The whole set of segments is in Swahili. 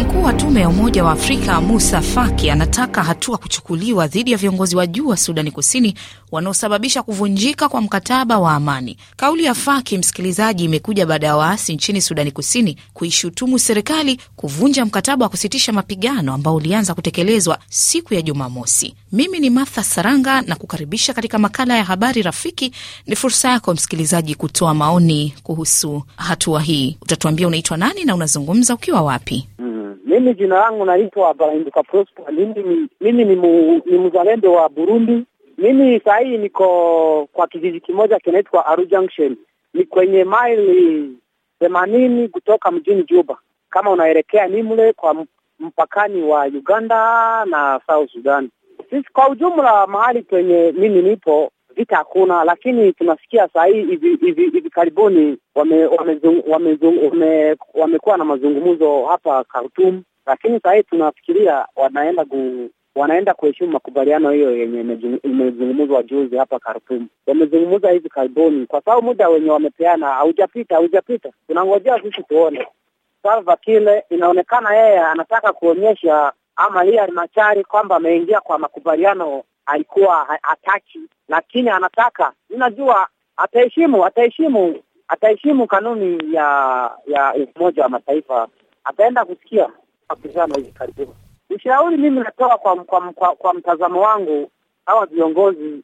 Mkuu wa tume ya Umoja wa Afrika Musa Faki anataka hatua kuchukuliwa dhidi ya viongozi wa juu wa Sudani Kusini wanaosababisha kuvunjika kwa mkataba wa amani. Kauli ya Faki, msikilizaji, imekuja baada ya waasi nchini Sudani Kusini kuishutumu serikali kuvunja mkataba wa kusitisha mapigano ambao ulianza kutekelezwa siku ya Jumamosi. Mimi ni Martha Saranga na kukaribisha katika makala ya Habari Rafiki. Ni fursa yako msikilizaji kutoa maoni kuhusu hatua hii. Utatuambia unaitwa nani na unazungumza ukiwa wapi? Mimi jina langu naitwa Barahinduka Prosper. Mimi mimi ni, mu, ni mzalendo wa Burundi. Mimi saa hii niko kwa kijiji kimoja kinaitwa Aru Junction, ni kwenye maili themanini kutoka mjini Juba, kama unaelekea nimle kwa mpakani wa Uganda na South Sudan. Sisi kwa ujumla mahali penye mimi nipo vita hakuna, lakini tunasikia saa hii hivi hivi hivi karibuni wamekuwa wame wame, wame na mazungumzo hapa Khartoum, lakini saa hii tunafikiria wanaenda gu, wanaenda kuheshimu makubaliano hiyo yenye imezungumzwa juzi hapa Khartoum. Wamezungumza hivi karibuni, kwa sababu muda wenye wamepeana haujapita haujapita, tunangojea sisi tuone. Salva kile inaonekana yeye anataka kuonyesha ama Riek Machar kwamba ameingia kwa makubaliano alikuwa hataki, lakini anataka. Ninajua ataheshimu, ataheshimu, ataheshimu kanuni ya ya Umoja wa Mataifa, ataenda kusikia mapigano hivi karibuni. Ushauri mimi natoa kwa, kwa, kwa, kwa mtazamo wangu hawa viongozi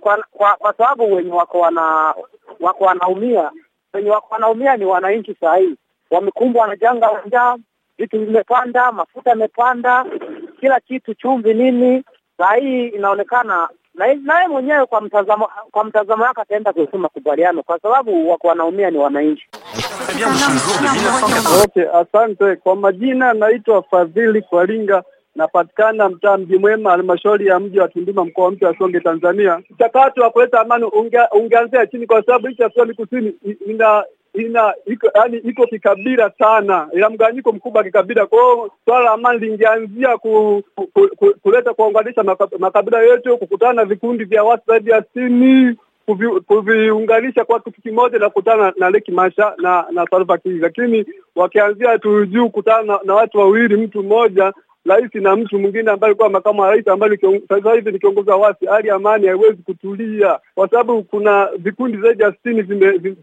kwa, kwa, kwa sababu wenye wako wana wako wanaumia wenye wako wanaumia ni wananchi. Saa hii wamekumbwa na janga la njaa, vitu vimepanda, mafuta yamepanda, kila kitu, chumvi, nini saa hii inaonekana naye mwenyewe kwa mtazamo kwa mtazamo wake ataenda kuhusu makubaliano kwa sababu wako wanaumia ni wananchi Okay, asante kwa majina, naitwa Fadhili Kwalinga, napatikana mtaa Mji Mwema, halmashauri ya mji wa Tunduma, mkoa mpya wa Songwe, Tanzania. Mchakato wa kuleta amani ungeanzia chini, kwa sababu nchi ya Sudani Kusini ina ina iko yani iko kikabila sana, ina mgawanyiko mkubwa kikabila. Kwa hiyo swala la amani lingeanzia ku, ku, ku, kuleta kuunganisha makabila yetu, kukutana na vikundi vya watu zaidi ya sitini kuviunganisha kwa kitu kimoja na kukutana na Leki Masha na na Salva Kiir, lakini wakianzia tu juu kukutana na watu wawili mtu mmoja rais na mtu mwingine ambaye alikuwa makamu wa rais ambaye sasa hivi ni kiongozi wa wasi, hali amani haiwezi kutulia, kwa sababu kuna vikundi zaidi ya sitini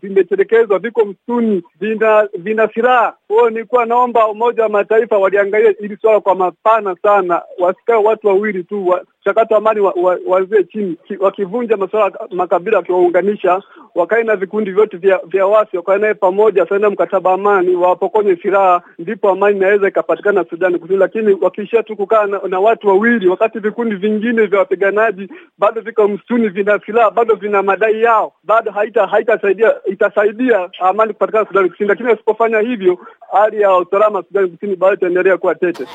vimetelekezwa, viko msituni, vina vina silaha. kwao. nilikuwa naomba Umoja wa Mataifa waliangalia hili swala kwa mapana sana, wasikae watu wawili tu wa, mchakato wa amani waanzie chini, wakivunja masuala makabila, wakiwaunganisha, wakae na vikundi vyote vya, vya wasi wakae naye pamoja, wasaina mkataba amani, wapokonye silaha, ndipo amani inaweza ikapatikana Sudani Kusini. Lakini wakiishia tu kukaa na, na watu wawili, wakati vikundi vingine vya wapiganaji bado viko msituni, vina silaha bado, vina madai yao, bado haita haitasaidia itasaidia amani kupatikana Sudani Kusini, lakini wasipofanya hivyo hali ya usalama Sudani Kusini bado itaendelea kuwa tete.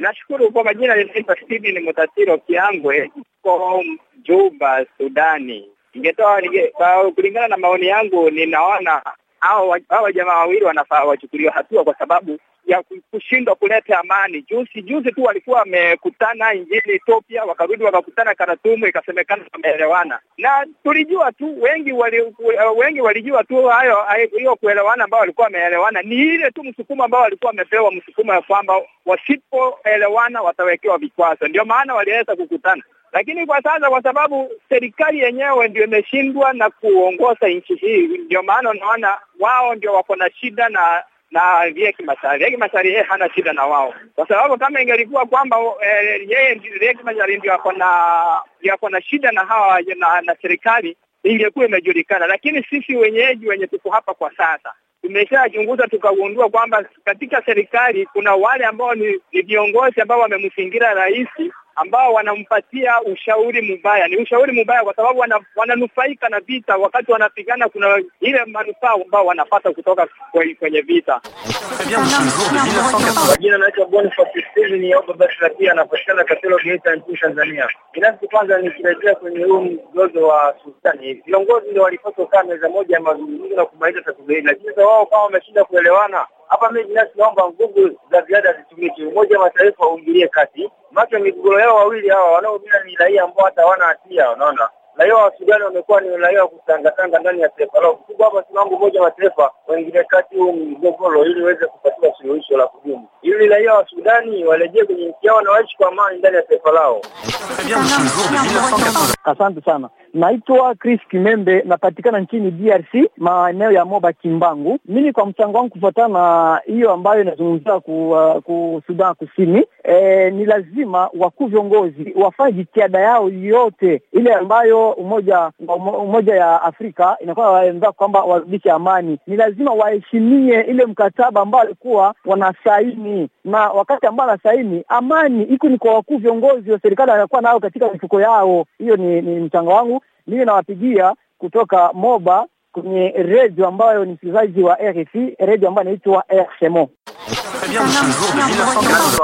Nashukuru kwa majina, linaitwa Steven Mutatiro Kiangwe, ko Juba, Sudani. Ningetoa kulingana na maoni yangu, ninaona hawa jamaa wawili wanafaa wachukuliwe hatua kwa sababu ya kushindwa kuleta amani. Juzi juzi tu walikuwa wamekutana nchini Ethiopia, wakarudi wakakutana Karatumu, ikasemekana wameelewana, na tulijua tu wengi wali, wengi walijua tu hayo hiyo kuelewana ambao walikuwa wameelewana ni ile tu msukumo ambao walikuwa wamepewa msukumo ya kwamba wasipoelewana watawekewa vikwazo, ndio maana waliweza kukutana lakini kwa sasa, kwa sababu serikali yenyewe ndio imeshindwa na kuongoza nchi hii, ndio maana unaona wao ndio wako na shida na na Riek Machar. Riek Machar yeye hana shida na wao, kwa sababu kama ingelikuwa kwamba eh, yeye Riek Machar ndio wako na ndio na shida na hawa na, na serikali ingekuwa imejulikana, lakini sisi wenyeji wenye tuko hapa kwa sasa tumeshachunguza tukagundua kwamba katika serikali kuna wale ambao ni viongozi ambao wamemzingira rais ambao wanampatia ushauri mubaya. Ni ushauri mubaya kwa sababu wana, wananufaika na vita. Wakati wanapigana, kuna ile manufaa ambao wanapata kutoka kwenye vita. Kwa jina naitwa Boniface Steven Yoba Basra, pia anapatikana Katelo Geita nchini Tanzania. Binafsi kwanza nikirejea kwenye huu mzozo wa Sudani, viongozi ndio walipaswa kukaa meza moja ya mazungumzo na kumaliza tatizo hili, lakini sasa wao kama wameshinda kuelewana hapa, mimi binafsi naomba nguvu za ziada zitumike, Umoja wa Mataifa uingilie kati maana migogoro yao wawili hawa wanaoumia ni raia ambao hata hawana hatia, unaona raia wa Sudani wamekuwa ni raia wa kutangatanga ndani ya taifa lao. Hapa simangu moja mataifa wengine kati huu mgogoro ili uweze kupatiwa suluhisho la kudumu ili raia wa Sudani warejee kwenye nchi yao na waishi kwa amani ndani ya taifa lao. Asante sana. Naitwa Chris Kimembe, napatikana nchini DRC maeneo ya Moba Kimbangu. Mimi kwa mchango wangu kufuatana na hiyo ambayo inazungumzia ku, uh, ku Sudan Kusini, e, ni lazima wakuu viongozi wafanye jitihada yao yote ile ambayo umoja umoja ya Afrika inakuwa waenza kwamba warudishe amani. Ni lazima waheshimie ile mkataba ambao walikuwa wanasaini amani, na wakati ambao anasaini amani iko ni kwa wakuu viongozi wa serikali wanakuwa nao katika mifuko yao. Hiyo ni, ni mchango wangu mimi, nawapigia kutoka Moba kwenye redio ambayo ni msikilizaji wa RFI, redio ambayo inaitwa RCMO.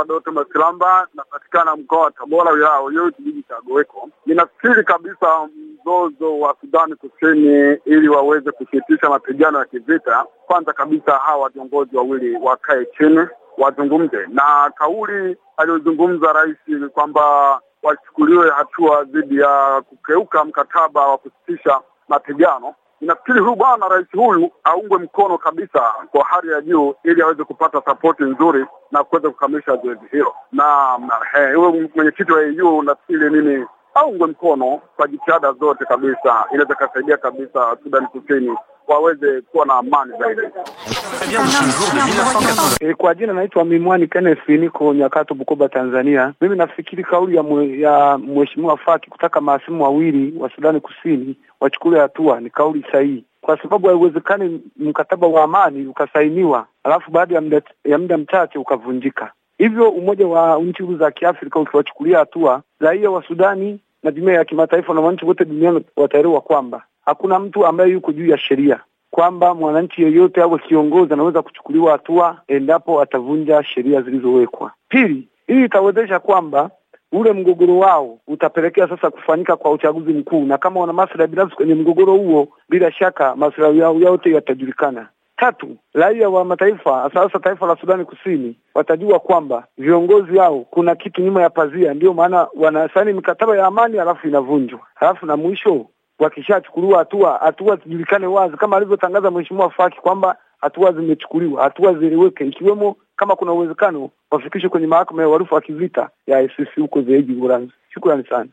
Doto Masilamba, napatikana mkoa wa Tabora, wilaya Uyui, kijiji cha Goweko. Ninafikiri kabisa mzozo wa Sudani Kusini, ili waweze kusitisha mapigano ya kivita, kwanza kabisa hawa viongozi wawili wakae chini wazungumze, na kauli aliyozungumza rais kwamba wachukuliwe hatua dhidi ya kukeuka mkataba wa kusitisha mapigano Nafikiri huyu bwana rais huyu aungwe mkono kabisa kwa hali ya juu, ili aweze kupata sapoti nzuri na kuweza kukamilisha zoezi hilo. Na eh, huyo mwenyekiti wa EU, nafikiri mimi aungwe mkono kwa jitihada zote kabisa, inaweza ikasaidia kabisa Sudan Kusini waweze kuwa na amani zaidi. E, kwa jina naitwa Mimwani Kenneth, niko Nyakato, Bukoba, Tanzania. Mimi nafikiri kauli ya mwe, ya mheshimiwa Faki kutaka maasimu wawili wa Sudani Kusini wachukuliwe hatua ni kauli sahihi, kwa sababu haiwezekani mkataba wa amani ukasainiwa alafu baada ya muda ya muda mchache ukavunjika. Hivyo umoja wa nchi za Kiafrika ukiwachukulia hatua raia wa Sudani na jumuiya ya kimataifa na wananchi wote duniani wataelewa kwamba hakuna mtu ambaye yuko juu ya sheria, kwamba mwananchi yeyote au kiongozi anaweza kuchukuliwa hatua endapo atavunja sheria zilizowekwa. Pili, hii itawezesha kwamba ule mgogoro wao utapelekea sasa kufanyika kwa uchaguzi mkuu, na kama wana maslahi binafsi kwenye mgogoro huo, bila shaka maslahi yao yote yatajulikana. Tatu, raia wa mataifa sasa taifa la Sudani Kusini watajua kwamba viongozi hao kuna kitu nyuma ya pazia, ndiyo maana wanasaini mikataba ya amani halafu inavunjwa. Halafu na mwisho wakishachukuliwa hatua, hatua zijulikane wazi, kama alivyotangaza Mheshimiwa Faki kwamba hatua zimechukuliwa, hatua zieleweke, ikiwemo kama kuna uwezekano wafikishwe kwenye mahakama ya uhalifu wa kivita ya ICC huko Hague, Uholanzi. Shukrani sana.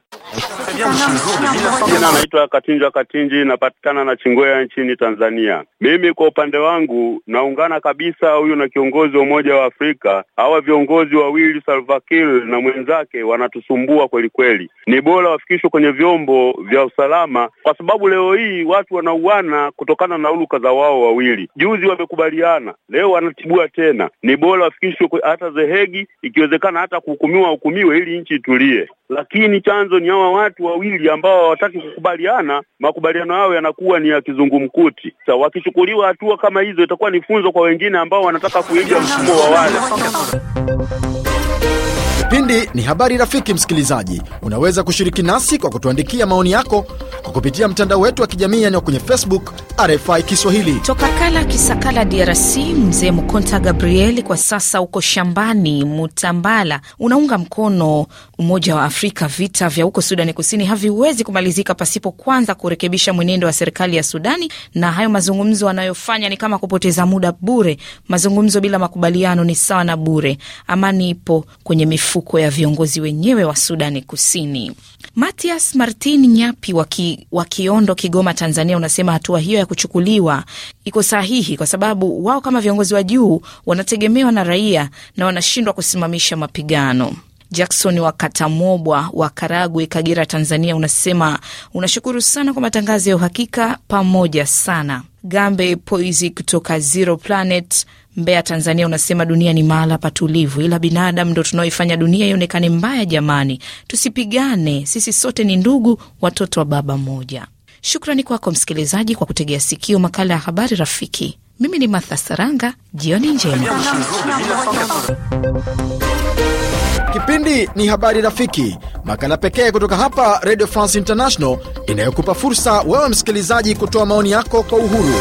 Naitwa Katinjwa Katinji, napatikana na Chingwea nchini Tanzania. Mimi kwa upande wangu naungana kabisa huyu na kiongozi wa Umoja wa Afrika. Hawa viongozi wawili Salva Kiir na mwenzake wanatusumbua kweli kweli, ni bora wafikishwe kwenye vyombo vya usalama, kwa sababu leo hii watu wanauana kutokana na uluka za wao wawili. Juzi wamekubaliana, leo wanatibua tena. Ni bora wafikishwe hata zehegi, ikiwezekana hata kuhukumiwa, hukumiwe ili nchi itulie, lakini chanzo ni hawa watu watu wawili ambao hawataki kukubaliana, makubaliano yao yanakuwa ni ya kizungumkuti. Sasa wakichukuliwa hatua kama hizo, itakuwa ni funzo kwa wengine ambao wanataka kuiga mfumo wa wale Kipindi ni habari rafiki. Msikilizaji, unaweza kushiriki nasi kwa kutuandikia maoni yako kwa kupitia mtandao wetu wa kijamii yani kwenye Facebook RFI Kiswahili. Toka Kala Kisakala, DRC, mzee Mkonta Gabriel kwa sasa uko shambani Mutambala, unaunga mkono Umoja wa Afrika. Vita vya huko Sudani Kusini haviwezi kumalizika pasipo kwanza kurekebisha mwenendo wa serikali ya Sudani, na hayo mazungumzo anayofanya ni kama kupoteza muda bure. Mazungumzo bila makubaliano ni sawa na bure. Amani ipo kwenye mifuko matamko ya viongozi wenyewe wa Sudani Kusini. Matias Martin Nyapi wa Kiondo, Kigoma, Tanzania, unasema hatua hiyo ya kuchukuliwa iko sahihi kwa sababu wao kama viongozi wa juu wanategemewa na raia na wanashindwa kusimamisha mapigano. Jackson wa Katamobwa wa Karagwe, Kagera, Tanzania, unasema unashukuru sana kwa matangazo ya uhakika, pamoja sana. Gambe Poizi kutoka Zero Planet Mbeya, Tanzania, unasema dunia ni mahala patulivu, ila binadamu ndo tunaoifanya dunia ionekane mbaya. Jamani, tusipigane, sisi sote ni ndugu, watoto wa baba mmoja. Shukrani kwako msikilizaji kwa kutegea sikio makala ya habari rafiki. Mimi ni Martha Saranga, jioni njema. Kipindi ni habari rafiki, makala pekee kutoka hapa Radio France International inayokupa fursa wewe msikilizaji kutoa maoni yako kwa uhuru.